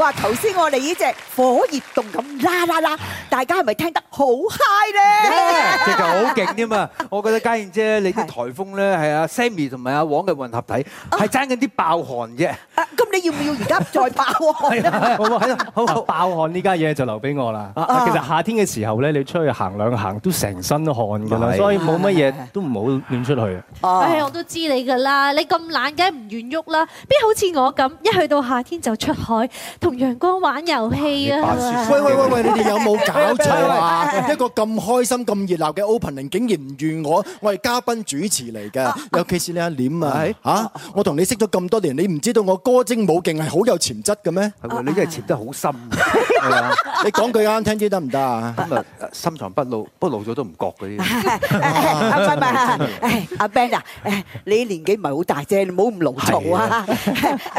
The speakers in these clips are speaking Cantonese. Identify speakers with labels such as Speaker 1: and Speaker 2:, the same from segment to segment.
Speaker 1: 哇！頭先我哋呢隻火熱動感啦啦啦，大家係咪聽得好 high 咧？
Speaker 2: 直頭好勁添啊！我覺得家燕姐你啲颱風咧係啊 Sammy 同埋阿黃嘅混合體，係爭緊啲爆汗啫。
Speaker 1: 咁你要唔要而家再
Speaker 3: 爆汗咧？
Speaker 4: 係啊，係啊，好爆汗呢家嘢就留俾我啦。其實夏天嘅時候咧，你出去行兩行都成身汗㗎啦，所以冇乜嘢都唔好亂出去。
Speaker 5: 啊，我都知你㗎啦，你咁懶，梗係唔願喐啦。邊好似我咁，一去到夏天就出海。同陽光玩遊戲啊！喂喂喂喂，你哋
Speaker 6: 有冇搞錯啊？一個咁開心、咁熱鬧嘅 opening，竟然唔怨我？是我係嘉賓主持嚟嘅，啊，尤其是你阿廉啊嚇、啊！我同你識咗咁多年，你唔知道我歌精舞勁係好有潛質嘅咩？係你真係潛得好深。啊啊 你講句啱聽啲得唔得啊？今日，
Speaker 2: 深藏不露，不過露咗都唔覺嗰
Speaker 1: 啲。阿 Ben 啊，你年紀唔係好大啫，你唔好咁牢騷啊！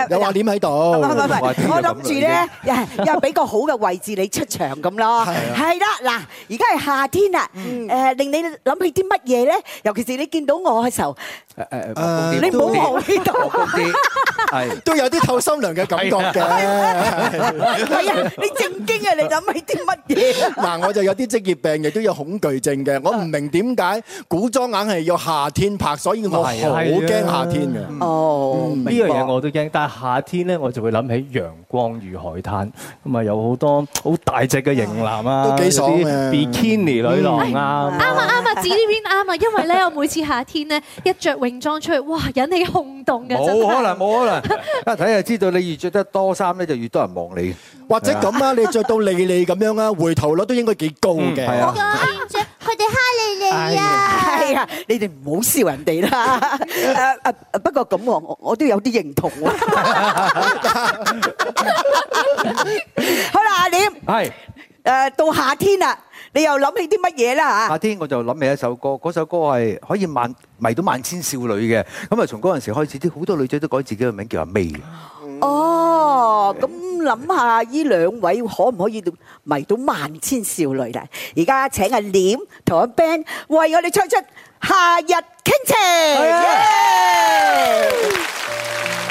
Speaker 1: 有話點喺度？唔係唔係，我諗住咧，又又俾個好嘅位置你出場咁咯。係啦，嗱，而家係夏天啊，誒，令你諗起啲乜嘢咧？尤其是你見到我嘅時候。
Speaker 6: 誒誒誒，你唔好豪氣到，係都有啲透心涼嘅感覺嘅。係啊，你正經啊，你諗起啲乜嘢？嗱，我就有啲職業病，亦都有恐懼症嘅。我唔明點解古裝硬係要夏天拍，所以我好驚夏天嘅。哦，呢樣嘢
Speaker 4: 我都驚，但係夏天咧，我就會諗起陽光與海灘，咁啊有好多好大隻嘅型男啊，都幾爽啲比基尼女郎啊。啱
Speaker 5: 啊啱啊，指呢邊啱啊，因為咧我每次夏天咧一著泳裝出去，哇！引起轟動嘅冇可能，
Speaker 6: 冇
Speaker 2: 可能。一睇就知道，你越著得多衫咧，
Speaker 6: 就越多人望你。或者咁啦，你著到利利咁樣啦，回頭率都應該幾高嘅。我見
Speaker 5: 著佢哋蝦利利啊！係啊，
Speaker 1: 你哋唔好笑人哋啦。誒誒，不過咁喎，我我都有啲認同。好啦，阿廉係誒，到夏天啊！你又諗起啲乜嘢啦嚇？
Speaker 2: 夏天我就諗起一首歌，嗰首歌係可以萬迷到萬千少女嘅。咁啊，從嗰陣時開始，啲好多女仔都改自己嘅名叫阿 May。
Speaker 1: 哦，咁諗下呢兩位可唔可以迷到萬千少女咧？而家請阿廉同阿 Ben 為我哋唱出夏日傾情。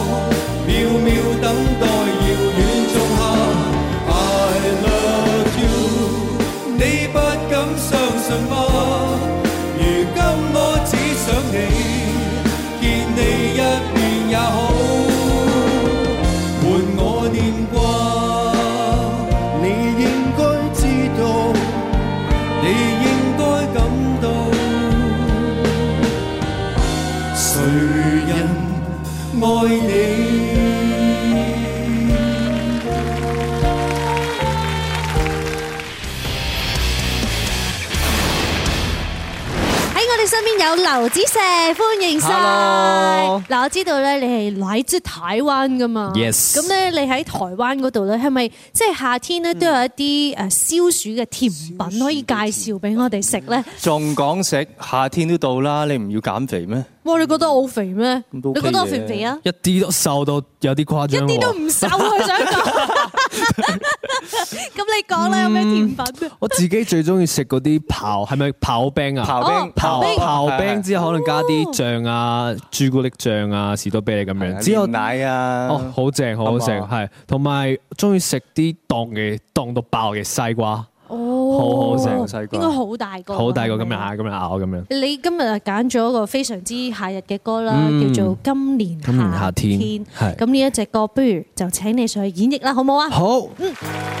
Speaker 5: 劉子碩歡迎晒，嗱，我知道咧，你係嚟自台灣噶嘛？Yes，咁咧你喺台灣嗰度咧，係咪即係夏天咧都有一啲誒消暑嘅甜品可以介紹俾我哋食咧？
Speaker 4: 仲講食，夏天都到啦，你唔要減肥咩？
Speaker 5: 哇你覺得我好肥咩？你覺得我肥唔肥啊？
Speaker 4: 一啲都瘦到有啲誇張，一啲都唔
Speaker 5: 瘦， 想講說。咁 你講啦、嗯，有咩甜品？
Speaker 4: 我自己最中意食嗰啲刨，係咪刨冰啊？刨冰、哦、刨冰刨,冰刨,冰刨,冰刨冰之後可能加啲醬啊，朱、哦、古力醬啊，士多啤梨咁樣。牛奶啊，哦，好正，好好食，係。同埋中意食啲凍嘅，凍到爆嘅西瓜。
Speaker 5: 哦，應該好大個，好大
Speaker 4: 個咁樣咬，咁樣咬，咁樣。
Speaker 5: 你今日啊，揀咗個非常之夏日嘅歌啦、嗯，叫做《今年
Speaker 4: 夏天》，
Speaker 5: 咁呢一隻歌，不如就請你上去演繹啦，好唔好啊？好，嗯。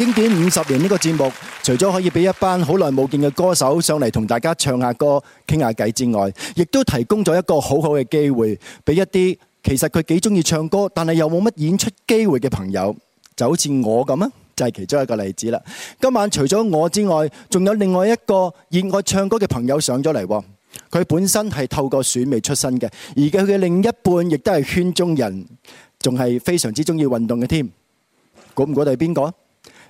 Speaker 6: 經典五十年呢個節目，除咗可以俾一班好耐冇見嘅歌手上嚟同大家唱下歌，傾下偈之外，亦都提供咗一個好好嘅機會，俾一啲其實佢幾中意唱歌，但係又冇乜演出機會嘅朋友，就好似我咁啊，就係其中一個例子啦。今晚除咗我之外，仲有另外一個熱愛唱歌嘅朋友上咗嚟，佢本身係透過選美出身嘅，而佢嘅另一半亦都係圈中人，仲係非常之中意運動嘅添。估唔估到係邊個？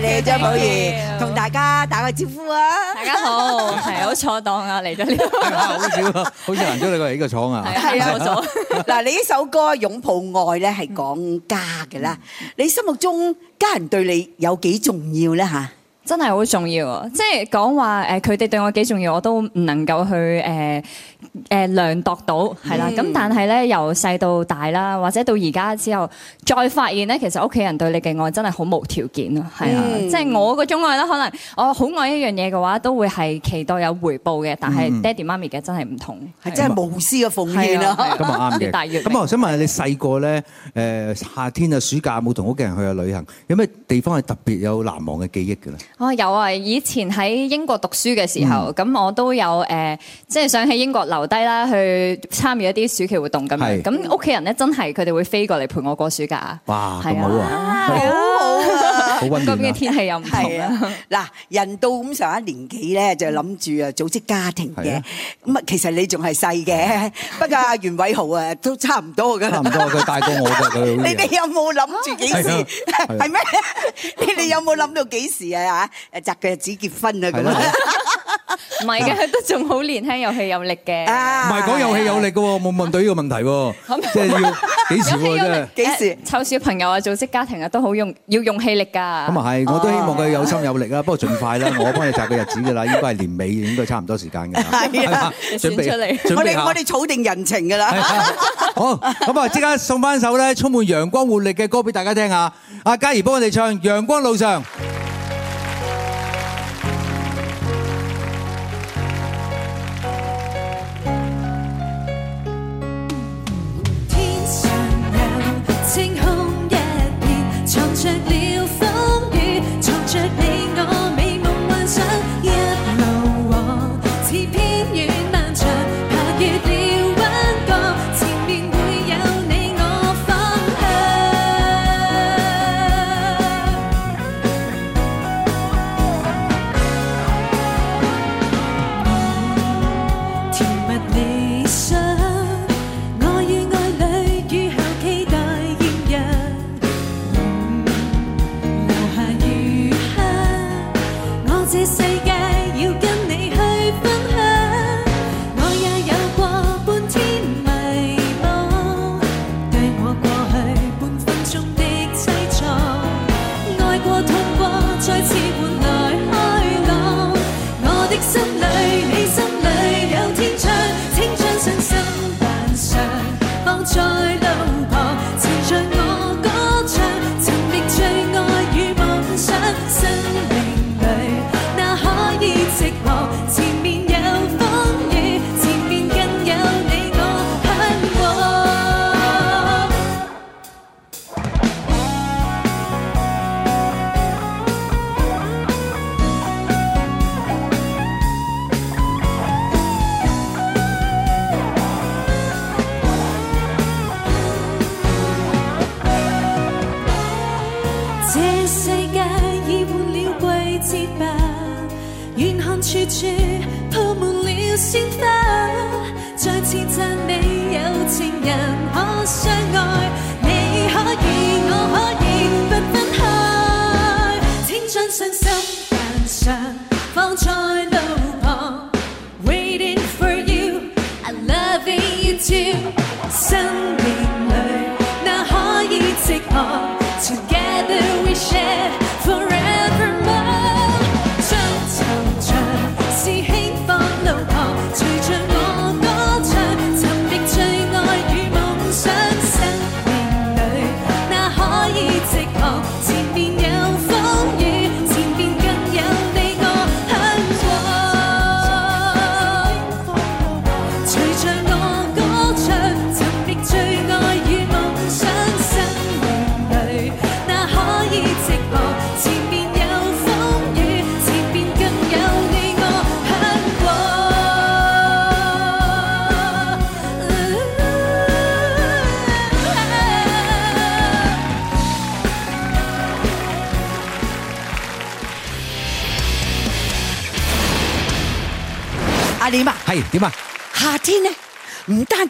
Speaker 1: 嚟，張寶兒，同大家打個招呼啊！大家好，係
Speaker 7: 好錯檔啊！嚟咗
Speaker 2: 呢個，好少，好少人咗你個呢個廠啊！係啊，
Speaker 7: 廠
Speaker 1: 嗱，你呢首歌《擁抱愛》咧係講家嘅啦，你心目中家人對你有幾重要咧？嚇，
Speaker 7: 真係好重要，即係講話誒，佢哋對我幾重要，我都唔能夠去誒。誒量度到係啦，咁、嗯、但係咧由細到大啦，或者到而家之後再發現咧，其實屋企人對你嘅愛真係好無條件咯，係、嗯、啊，即係我嗰種愛咧，可能我好愛一樣嘢嘅話，都會係期待有回報嘅，但係爹哋媽咪嘅真係唔同，係真係無私嘅奉獻咯，咁啊啱嘅。咁啊， 咁我
Speaker 2: 想問下你細個咧誒夏天啊暑假冇同屋企人去下旅行，有咩地方係特別有難忘嘅記憶嘅咧？
Speaker 7: 哦，有啊，以前喺英國讀書嘅時候，咁、嗯、我都有誒、呃，即係想去英國留低啦，去參與一啲暑期活動咁，咁屋企人咧，真係佢哋會飛過嚟陪我過暑假。哇，好係啊，好啊，好
Speaker 3: 溫暖啊。嗰邊嘅
Speaker 7: 天氣又唔同啊。嗱、啊，人到咁上下年紀咧，就
Speaker 1: 諗住啊，組織家庭嘅。咁啊，其實你仲係細嘅，不過阿袁偉豪 有有，係啊，都差唔多嘅，差唔多佢大過我嘅。你哋有冇諗住幾時？係咩？你哋有冇諗到幾時啊？嚇，侄 嘅 子結婚啊咁啊？是
Speaker 7: 唔係嘅，佢都仲好年輕，有氣有力嘅、啊。
Speaker 2: 唔係講有氣有力嘅喎，冇問到呢個問題喎。即係、就是、要幾時喎？即係幾時？
Speaker 7: 湊、啊、小朋友啊，組織家庭啊，都好用，要用氣力㗎。咁
Speaker 2: 啊係，我都希望佢有心有力啊，不過盡快啦、啊，我幫你擇個日子㗎啦， 應該係年尾，應該差唔多時間嘅。啦，準備出嚟。我哋我哋
Speaker 1: 儲定人情㗎啦。 好，
Speaker 2: 咁啊，即刻送翻首咧充滿陽光活力嘅歌俾大家聽下。阿嘉怡幫我哋唱《陽光路上》。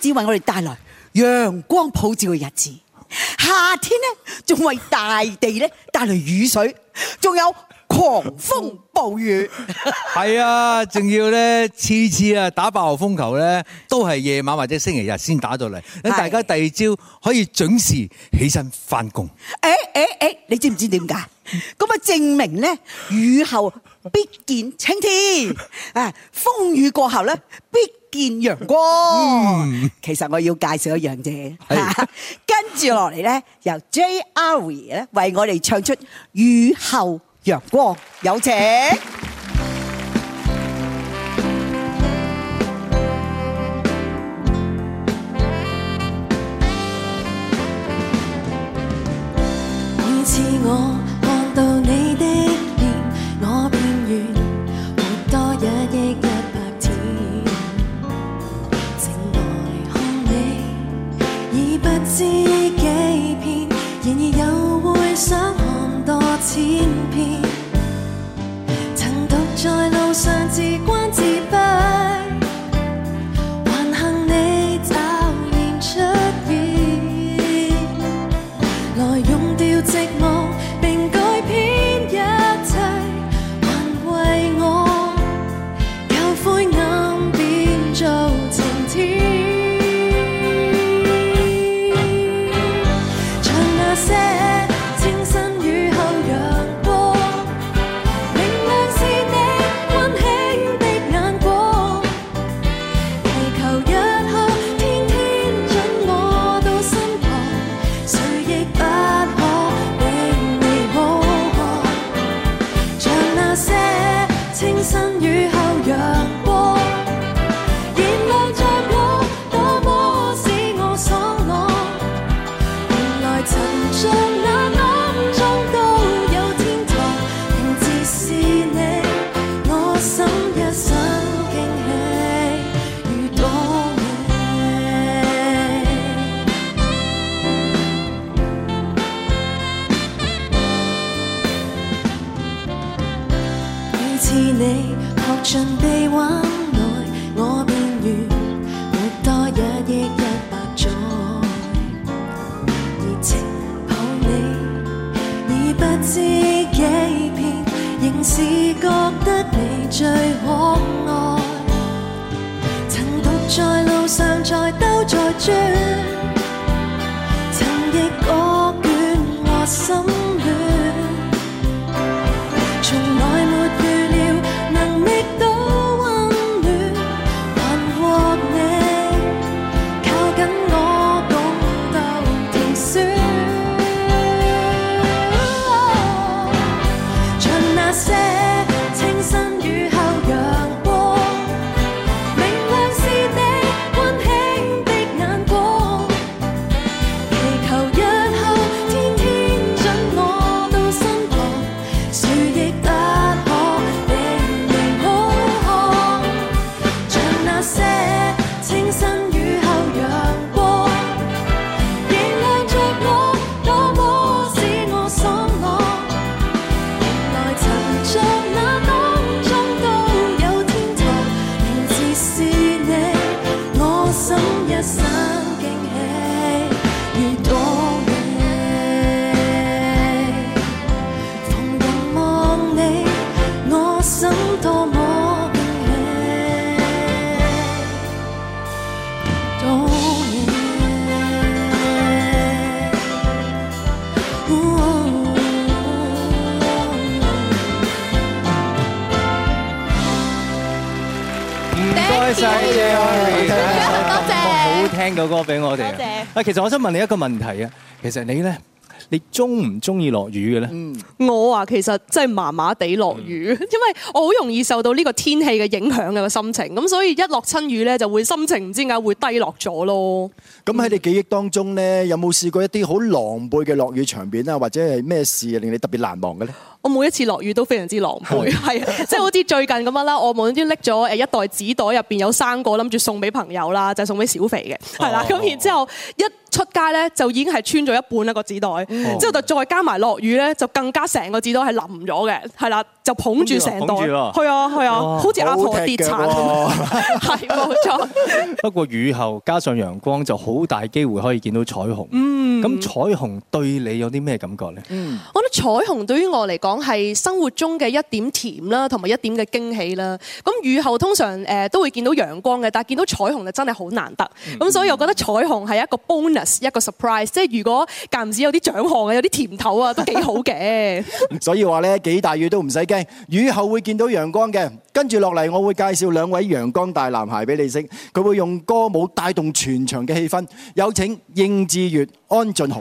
Speaker 1: 要為我哋帶來陽光普照嘅日子，夏天呢，仲為大地呢帶嚟雨水，仲有狂風暴雨。 係啊，
Speaker 2: 仲要呢次次啊打八號風球呢，都係夜晚或者星期日先打到嚟，大家第二朝可以準時起身翻工。
Speaker 1: 誒誒誒，你知唔知點解？咁啊，證明呢，雨後必見青天，啊風雨過後呢，必。見陽光，嗯，其實我要介紹一樣嘢，跟住落嚟呢，由 J.Arie 咧為我哋唱出雨後陽光，有請。
Speaker 4: 聽到歌俾我哋啊！啊，其實我想問你一個問題啊，其實你呢，你中唔中意落雨嘅呢？嗯，
Speaker 8: 我啊，其實真係麻麻地落雨，因為我好容易受到呢個天氣嘅影響啊個心情，咁所以一落親雨呢，就會心情唔知點解會低落咗咯。咁喺
Speaker 6: 你記憶當中呢，有冇試過一啲好狼狽嘅落雨場面啊，或者係咩事令你特別難忘嘅呢？
Speaker 8: 我每一次落雨都非常之狼狽，係啊，即係、就是、好似最近咁樣啦。我無端端拎咗誒一袋紙袋，入邊有三個，諗住送俾朋友啦，就是、送俾小肥嘅，係啦。咁、哦、然之後一出街咧，就已經係穿咗一半一個紙袋，哦、之後就再加埋落雨咧，就更加成個紙袋係淋咗嘅，係啦，就捧住成袋，係啊係啊，啊好似阿婆的跌產咁，係 冇
Speaker 4: 錯。不過雨後加上陽光，就好大機會可以見到彩虹。嗯咁彩虹對你有啲咩感覺呢？嗯，
Speaker 8: 我覺得彩虹對於我嚟講係生活中嘅一點甜啦，同埋一點嘅驚喜啦。咁雨後通常誒都會見到陽光嘅，但係見到彩虹就真係好難得。咁、嗯、所以我覺得彩虹係一個 bonus，一個 surprise，即係如果間唔時有啲獎項啊，有啲甜頭啊，都幾好嘅。
Speaker 6: 所以話呢，幾大雨都唔使驚，雨後會見到陽光嘅。跟住落嚟，我會介紹兩位陽光大男孩俾你識，佢會用歌舞帶動全場嘅氣氛。有請應智越、安俊豪。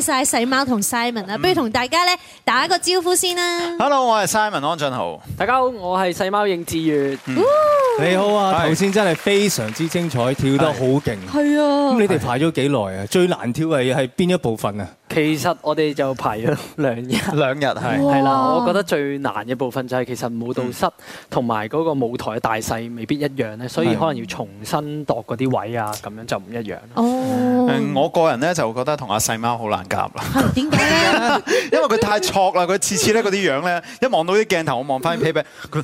Speaker 5: 曬細貓同 Simon 啊，不如同大家咧打一個招呼先啦。Hello，我係
Speaker 4: Simon 安俊豪。大家好，我係細貓應智越。你好啊，頭先真係非常之精彩，跳得好勁。係啊。咁你哋排咗幾耐啊？最難跳嘅嘢係邊一部分啊？其實我哋就排咗兩日，兩日係係啦。我覺得最難嘅部分就係其實舞蹈室同埋嗰個舞台大細未必一樣咧，所以可能要重新度嗰啲位啊，咁樣就唔一樣。哦，我個人咧就覺得同阿細貓好難夾啦。點解咧？因為佢太錯啦，佢次次咧嗰啲樣咧，一望到啲鏡頭，我望翻啲 p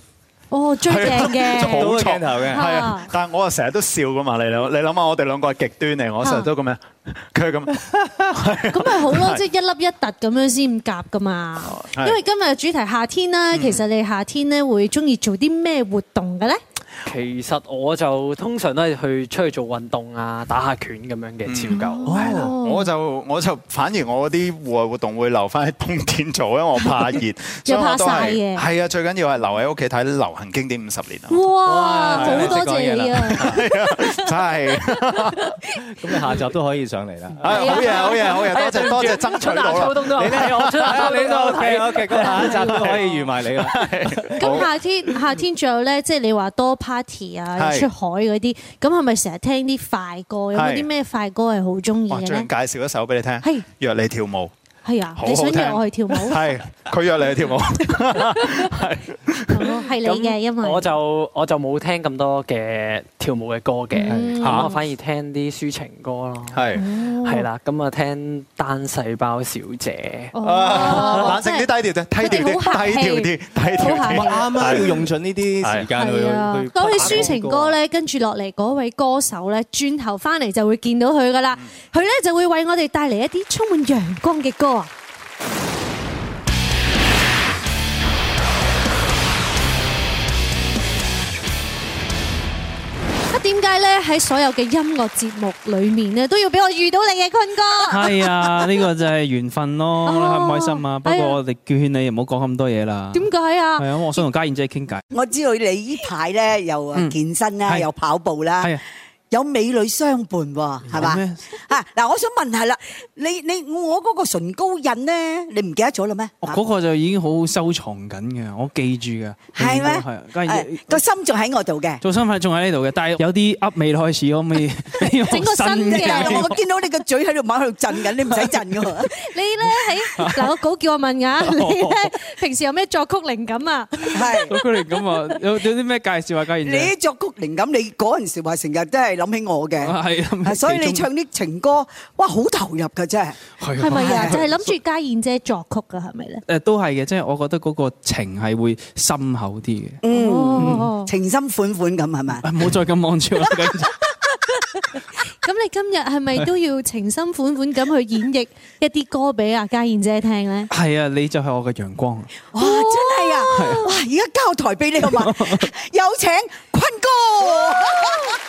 Speaker 5: 哦，最正嘅，好重嘅，係啊！
Speaker 4: 但係我啊成日都笑噶嘛，你你你諗下我哋兩個係極端嚟，我成日都咁樣，佢咁
Speaker 5: 咁咪好咯，即係一粒一突咁樣先夾噶嘛。因為今日嘅主題夏天啦，其實你夏天咧會中意做啲咩活動嘅咧？
Speaker 4: 其實我就通常都係去出去做運動啊，打下拳咁樣嘅照舊。我就我就反而我啲戶外活動會留翻喺冬天做，因為我怕熱，又怕晒嘅。係啊，最緊要係留喺屋企睇流行經典五十年啊！
Speaker 3: 哇，好多謝你啊！
Speaker 4: 真係咁，就是、 你下集都可以上嚟啦。好
Speaker 3: 嘢，好嘢，好
Speaker 8: 嘢、喔！多謝真、嗯、多謝，春夏秋冬都
Speaker 4: 好。你都好睇！OK 個下集都可以預埋你啦。咁夏
Speaker 5: 天夏天最後咧，即係你話多。party 啊，出海嗰啲，咁係咪成日聽啲快歌？有冇啲咩快歌係好中意嘅咧？我
Speaker 4: 介紹一首俾你聽，係，約你跳舞。
Speaker 5: 係啊！你想約我去跳舞？係，
Speaker 4: 佢約你去跳舞 是。
Speaker 5: 係，係你嘅，因為我就我
Speaker 4: 就冇聽咁多嘅跳舞嘅歌嘅，我反而聽啲抒情歌咯。係，係啦，咁啊聽單細胞小姐。哦，
Speaker 5: 難食啲
Speaker 4: 低調啲，低調啲，低調啲，啱啦，要用盡呢啲時間去去。講起
Speaker 5: 抒情歌咧，跟住落嚟嗰位歌手咧，轉頭翻嚟就會見到佢㗎啦。佢咧就會為我哋帶嚟一啲充滿陽光嘅歌。點解咧，喺所有嘅音樂節目裏面咧都要俾我遇到你嘅坤哥？係啊，
Speaker 4: 呢個就係緣分咯，哦、你開唔開心啊？不過我哋勸勸你唔好講咁多嘢啦。點
Speaker 5: 解
Speaker 1: 啊？係啊，
Speaker 4: 我想同家燕姐傾偈。
Speaker 1: 我知道你呢排咧又健身啦、嗯，又跑步啦。有美女相伴喎，係嘛？啊，嗱，我想問下啦，你你我嗰個唇膏印呢？你唔記得咗啦咩？嗰
Speaker 4: 個就已經好收藏緊嘅，我記住嘅。係
Speaker 1: 咩？係。個心仲喺我度嘅。
Speaker 4: 個心塊仲喺呢度嘅，但係有啲
Speaker 1: 噏未開始，可唔可以整個新嘅？我見到你個嘴喺度猛喺度震緊，你唔使
Speaker 5: 震嘅。你咧喺嗱，我稿叫我問下，你咧平時有咩作曲靈感啊？
Speaker 1: 係。作曲靈感啊？有有啲咩介紹啊？家燕姐。你作曲靈感，你嗰陣時話成日都係。諗起我嘅，係，所以你唱啲情歌，哇，好投入㗎啫，係
Speaker 4: 咪啊？就係諗
Speaker 5: 住家燕姐作曲噶，係咪咧？
Speaker 4: 誒，都係嘅，即係我覺得嗰個情係會深厚啲嘅，嗯，
Speaker 1: 情深款款咁係咪？
Speaker 4: 唔好再咁望住我。
Speaker 5: 咁你今日係咪都要情深款款咁去演繹一啲歌俾阿家燕姐聽咧？
Speaker 4: 係啊，你就係我嘅陽光。
Speaker 5: 哇，真係啊！哇，而家交台俾你嘅話，有請坤哥。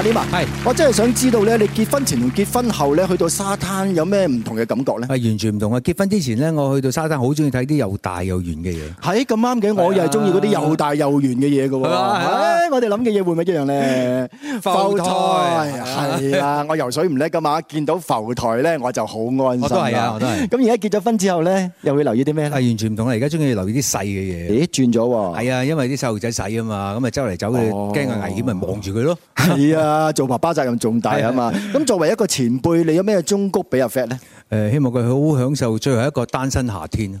Speaker 6: 阿李嘛，係我真係想知道咧，你結婚前同
Speaker 2: 結婚後咧，去到沙灘有咩唔同嘅感覺咧？係完全唔同啊！結婚之前咧，我去到沙灘好
Speaker 6: 中意睇啲又大又圓嘅嘢。喺咁啱嘅，我又係中意嗰啲又大又圓嘅嘢噶。係啊，我哋諗嘅嘢會唔會一樣咧？浮台係啊，我游水唔叻噶嘛，見到浮台咧，我就好安心。我都係啊，我都係。咁而家結咗婚之後咧，又會留意
Speaker 2: 啲咩咧？係完全唔同啦！而家中意留意啲細嘅嘢。咦，轉咗喎？係啊，因為啲細路仔細啊嘛，咁啊周嚟走，驚個危險，咪望住佢咯。係啊。
Speaker 6: 啊！做爸爸責任重大啊嘛！咁 作為一個
Speaker 2: 前輩，你有咩忠告俾阿 Fat 咧？誒，希望佢好好享受最後一個單身夏天。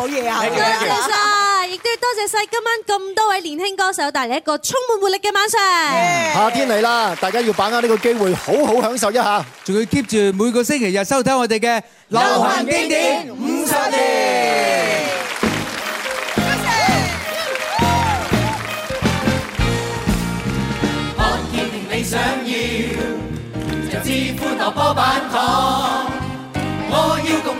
Speaker 5: 好嘢啊！多謝晒，亦都要多謝晒今晚咁多位年輕歌手，帶嚟一個充滿活力嘅晚上。
Speaker 6: 夏天嚟啦，大
Speaker 2: 家要把握呢個機會，好好享受一下。仲要 keep 住每個星期日收睇我哋嘅流
Speaker 3: 行經典五十年。多謝。我見你想要，就知歡樂
Speaker 9: 波板糖，我要共。